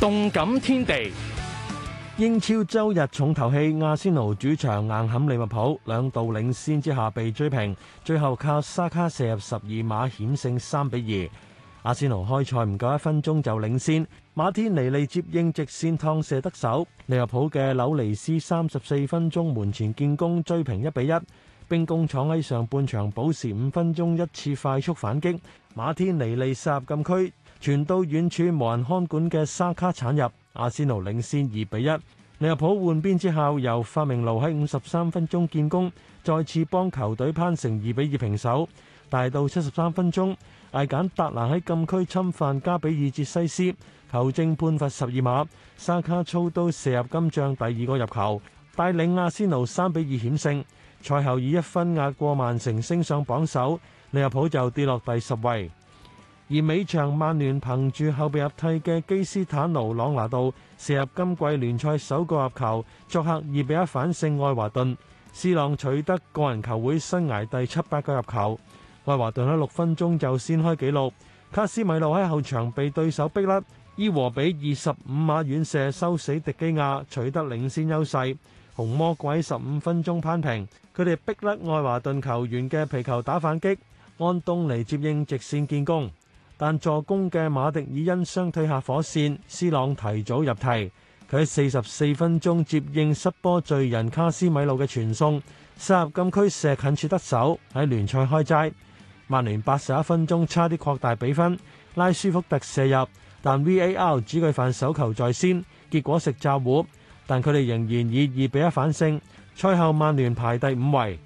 動感天地，英超周日重頭戲，阿仙奴主場硬撼利物浦，兩度領先之下被追平，最後靠沙卡射入十二碼險勝三比二。阿仙奴開賽唔夠一分鐘就領先，馬天尼利接應直線趟射得手。利物浦嘅紐尼斯三十四分鐘門前建功追平一比一。兵工廠喺上半場補時五分鐘一次快速反擊，馬天尼利射入禁區。傳到遠處無人看管嘅沙卡鏟入，阿仙奴領先二比一。利物浦換邊之後，由法明奴喺五十三分鐘建功，再次幫球隊攀成二比二平手。但到七十三分鐘，艾簡達拿喺禁區侵犯加比爾捷西斯，球證判罰十二碼，沙卡操刀射入今仗第二個入球，帶領阿仙奴三比二險勝。賽後以一分壓過曼城，升上榜首。利物浦就跌落第十位。而尾場，曼聯憑住後備入替嘅基斯坦奴·朗拿度射入今季聯賽首個入球，作客二比一反勝愛華頓。C 朗取得個人球會生涯第七百個入球。愛華頓喺六分鐘就先開紀錄，卡斯米魯喺後場被對手逼甩，伊和比二十五碼遠射收死迪基亞，取得領先優勢。紅魔鬼十五分鐘扳平，佢哋逼甩愛華頓球員嘅皮球打反擊，安東尼接應直線建功。但助攻嘅馬迪爾因傷退下火線，C 朗提早入替。佢喺四十四分鐘接應失波罪人卡斯米路嘅傳送，殺入禁區射近切得手，喺聯賽開齋。曼聯八十一分鐘差啲擴大比分，拉舒福特射入，但 VAR 指佢犯手球在先，結果食炸糊。但佢哋仍然以二比一反勝，賽後曼聯排第五位。